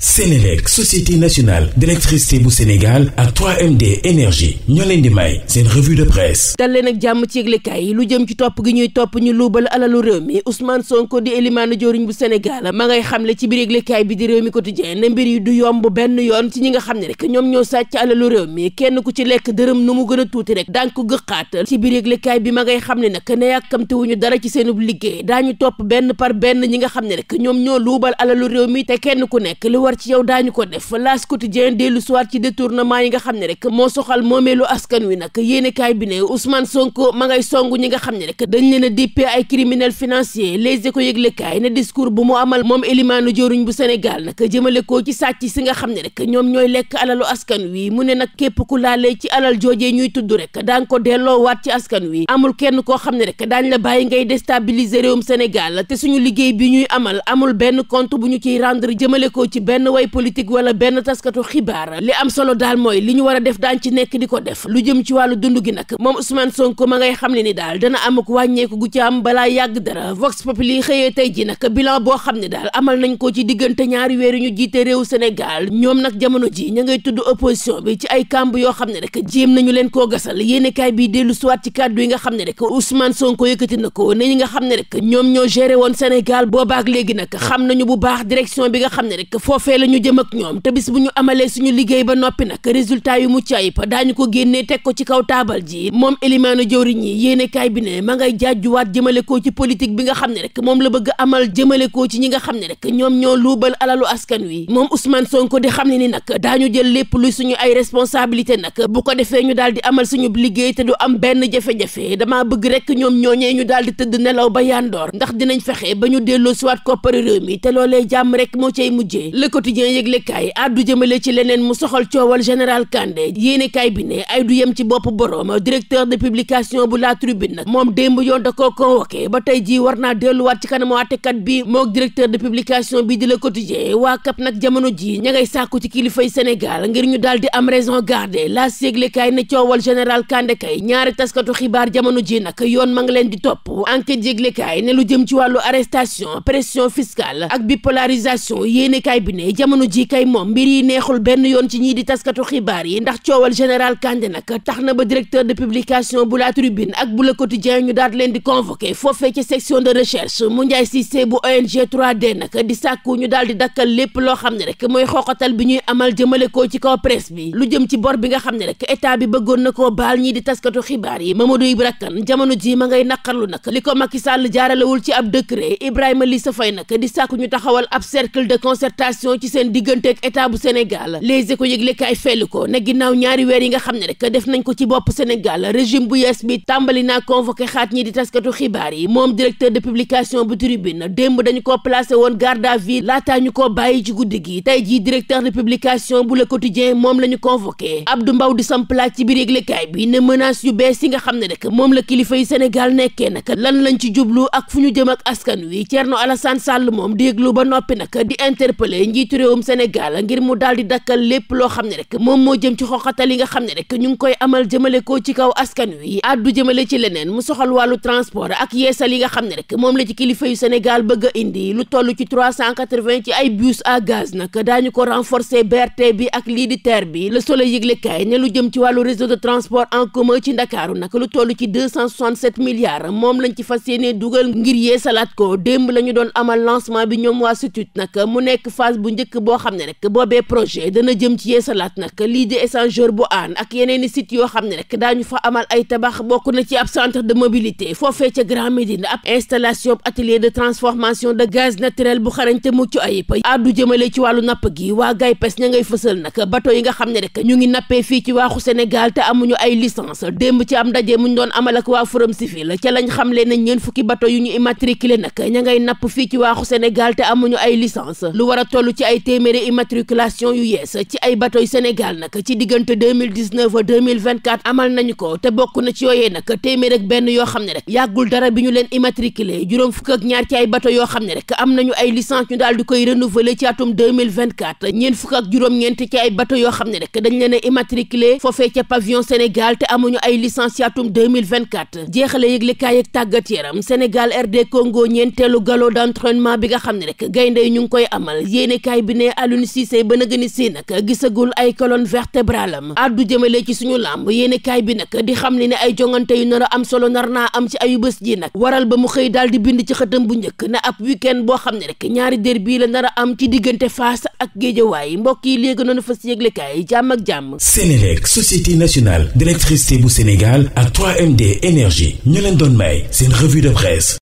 Sénélec société nationale d'électricité bu Sénégal ak 3MD énergie ñoo leen di may seen revue de presse dal jàmm ci yëglekaay yi lu jëm ci topp gi ñuy topp ñu luubal alalu réew mi Ousmane Sonko di élimaana jooriñ bu Sénégal ma ngay xamle ci biir yëglekaay bi di réew mi quotidien ne mbir yi du yomb benn yoon ci ñi nga xam ne rek ñoom ñoo sàcc alalu réew mi kenn ku ci lekk dërëm nu mu gën tuuti rek daan ko gëqaat ci biir yëglekaay bi ma ngay xam ne nag ne yàkkamtewuñu dara ci seenub liggéey daañu topp benn par benn ñi nga xam ne rek ñoom ñoo luubal alalu réew mi kenn ku nekk war ci yow daañu ko def laas quotidien dellu soir ci détournement yi nga xam ne rek moo soxal moomeelu askan wi nag yéenekaay bi ne Ousmane Sonko ma ngay song ñi nga xam ne rek dañ leen a dippee ay criminel financier les éco yëglekaay ne discours bu mu amal moom élimaanu jëruñ bu Sénégal nag jëmale ko ci sàcc si nga xam ne rek ñoom ñooy lekk alalu askan wi mu ne nag képp ku laalee ci alal joojee ñuy tudd rek daan ko delloo waat ci askan wi amul kenn koo xam ne rek daañ la bàyyi ngay déstabiliser réewum Sénégal te suñu liggéey bi ñuy amal amul benn compte bu ñu ciy rendre jëmale benn way politique wala benn taskatu xibaar li am solo daal mooy li ñu war a def daan ci nekk di ko def lu jëm ci wàllu dund gi nag moom Ousmane son ma ngay xam ne ni daal dana am ak wàññeeku gu ci am balaa yàgg dara Vox Populi xëyee tey ji nag bilan boo xam ne amal nañ ko ci diggante ñaari weer ñu jiite réew Sénégal ñoom nag jamono ji ña ngay tudd opposition bi ci ay yoo xam ne rek jéem nañu leen koo gasal yéenekaay bi dellu suwaat ci kàddu yi nga xam ne rek Ousmane Sonko yëkkati na ko ne nga xam ne rek ñoom ñoo géré woon Sénégal boobaak léegi nag xam nañu bu baax direction bi nga xam ne rek foofu foofee la ñu jëm ak ñoom te bis bu ñu amalee suñu liggéey ba noppi nag résultat yu mucc ayib daañu ko génnee teg ko ci kaw taabal ji moom élimaanu jëwriñ yi yéene kaay bi ne ma ngay jàjjuwaat jëmale ko ci politique bi nga xam ne rek moom la bëgg amal jëmale ko ci ñi nga xam ne rek ñoom ñoo luubal alalu askan wi moom Ousmane Sonko di xam ne ni nag daañu jël lépp lu suñu ay responsabilité nag bu ko defee ñu daal di amal suñu liggéey te du am benn jafe-jafe damaa bëgg rek ñoom ñooñee ñu daal di tëdd nelaw ba yandoor ndax dinañ fexe ba ñu delloo siwaat koppari mi te loolee jàmm rek moo cay mujjee quotidien yëgle kaay addu jëmale ci leneen mu soxal coowal général Kandé yéene kaay bi ne ay du yem ci bopp boroom directeur de publication bu La Tribune nag moom démb yoon da koo convoqué ba tey jii war naa delluwaat ci kanamu àttekat bi mook directeur de publication bi di Le Quotidien waa kap nag jamono jii ña ngay sàkku ci kilifay Sénégal ngir ñu daal di am raison garder la yëgle kaay ne coowal général Kandé kay ñaari taskatu xibaar jamono ji nag yoon ma ngi leen di topp enquête yëgle kaay ne lu jëm ci wàllu arrestation pression fiscale jamono ji kay moom mbir yi neexul benn yoon ci ñii di taskatu xibaar yi ndax coowal général Kandé nag tax na ba directeur de publication bu la tribune ak bu le quotidien ñu daat leen di convoqué foofee ci section de recherche mu njaay Cissé bu ONG 3D nag di sàkku ñu daal di dakkal lépp loo xam ne rek mooy xoqatal bi ñuy amal jëmale ko ci kaw presse bi lu jëm ci bor bi nga xam ne rek état bi bëggoon na koo baal ñii di taskatu xibaar yi Mamadou Ibra Kane jamono ji ma ngay naqarlu nag li ko Macky Sall jaaralewul ci ab décret Ibrahima Lissa Faye nag di sàkku ñu taxawal ab cercle de concertation ci seen diggante ak état bu Sénégal les éco yëgle kaay ko ne ginnaaw ñaari weer yi nga xam ne rek def nañ ko ci bopp Sénégal régime bu yees bi tàmbali naa convoqué xaat ñi di taskatu xibaar yi moom directeur de publication bu tribune démb dañu ko placé woon garde à vue laataa ñu koo bàyyi ci guddi gi tey jii directeur de publication bu le quotidien moom la ñu convoqué Mbaw di samplaaj ci biir yëgle kaay bi ne menace yu bees yi nga xam ne rek moom la kilifa yi Sénégal nekkee nag lan lañ ci jublu ak fu ñu jëm njiitu réewum Sénégal ngir mu daal di dakkal lépp loo xam ne rek moom moo jëm ci xoxatal yi nga xam ne rek ñu ngi koy amal jëmale ko ci kaw askan wi addu jëmale ci leneen mu soxal wàllu transport ak yeesal yi nga xam ne rek moom la ci kilifa yu Sénégal bëgg a indi lu toll ci trois cent quatre ci ay bus à gaz ko renforcer BRT bi ak lii di TER bi Le Soleil yëglekaay ne lu jëm ci wàllu réseau de transport en commun ci Ndakaaru nag lu ci deux cent soixante-sept milliards moom lañ ci fas yéenee dugal ngir yeesalaat ko démb la doon amal lancement bi ñoom waa SUTUT nag mu nekk phase bu bu njëkk boo xam ne rek boobee projet dana jëm ci salaat nag lii di échangeur bu aan ak yeneen i sites yoo xam ne rek daañu fa amal ay tabax bokk na ci ab centre de mobilité foofee ca Grand Médine ab installation atelier de transformation de gaz naturel bu xarañ te mucc ayib addu jëmale ci wàllu napp gi waa GAIPES ña ngay fësal nag bato yi nga xam ne rek ñu ngi nappee fii ci waaxu Sénégal te amuñu ay licence démb ci am ndaje muñ doon amal ak waa forum civil ca lañ xamle nañ ñeen fukki bateau yu ñu immatriculé nag ña ngay napp fii ci waaxu Sénégal amuñu ay licence ci ay téeméeri immatriculation yu yees ci ay bateau Sénégal nag ci diggante deux mille dix neuf à deux vingt quatre amal nañu ko te bokk na ci yooyee nag téeméer benn yoo xam ne rek yàggul dara bi ñu leen immatriculé juróom fukk ak ñaar ci ay bateau yoo xam ne rek am nañu ay licence ñu daal di koy renouveler ci atum deux mille vingt quatre ñeent fukk ak juróom-ñeent ci ay bateau yoo xam ne rek dañ leen a immatriculé foofee ca pavillon Sénégal te amuñu ay licence ci atum deux mille vingt quatre jeexale yëglekaay ak tàggat yaram Sénégal RD Congo ñeenteelu galop d'entraînement bi nga xam ne rek gaynde ñu ngi koy amal yéene yéenekaay bi ne Aliou Cissé ba nag si nag gisagul ay colonne vertébrale am addu jëmale ci suñu làmb yéenekaay bi nag di xam ne ne ay jongante yu nar am solo nar naa am ci ayu bés ji nag waral ba mu xëy daal di bind ci xëtam bu njëkk na ab week boo xam ne rek ñaari bii la nar a am ci diggante faas ak Guédiawaye mbokk yi léegi noonu fas yëglekaay jàmm ak jàmm Sénélec société nationale d'électricité bu Sénégal ak 3MD énergie ñu leen doon may seen revue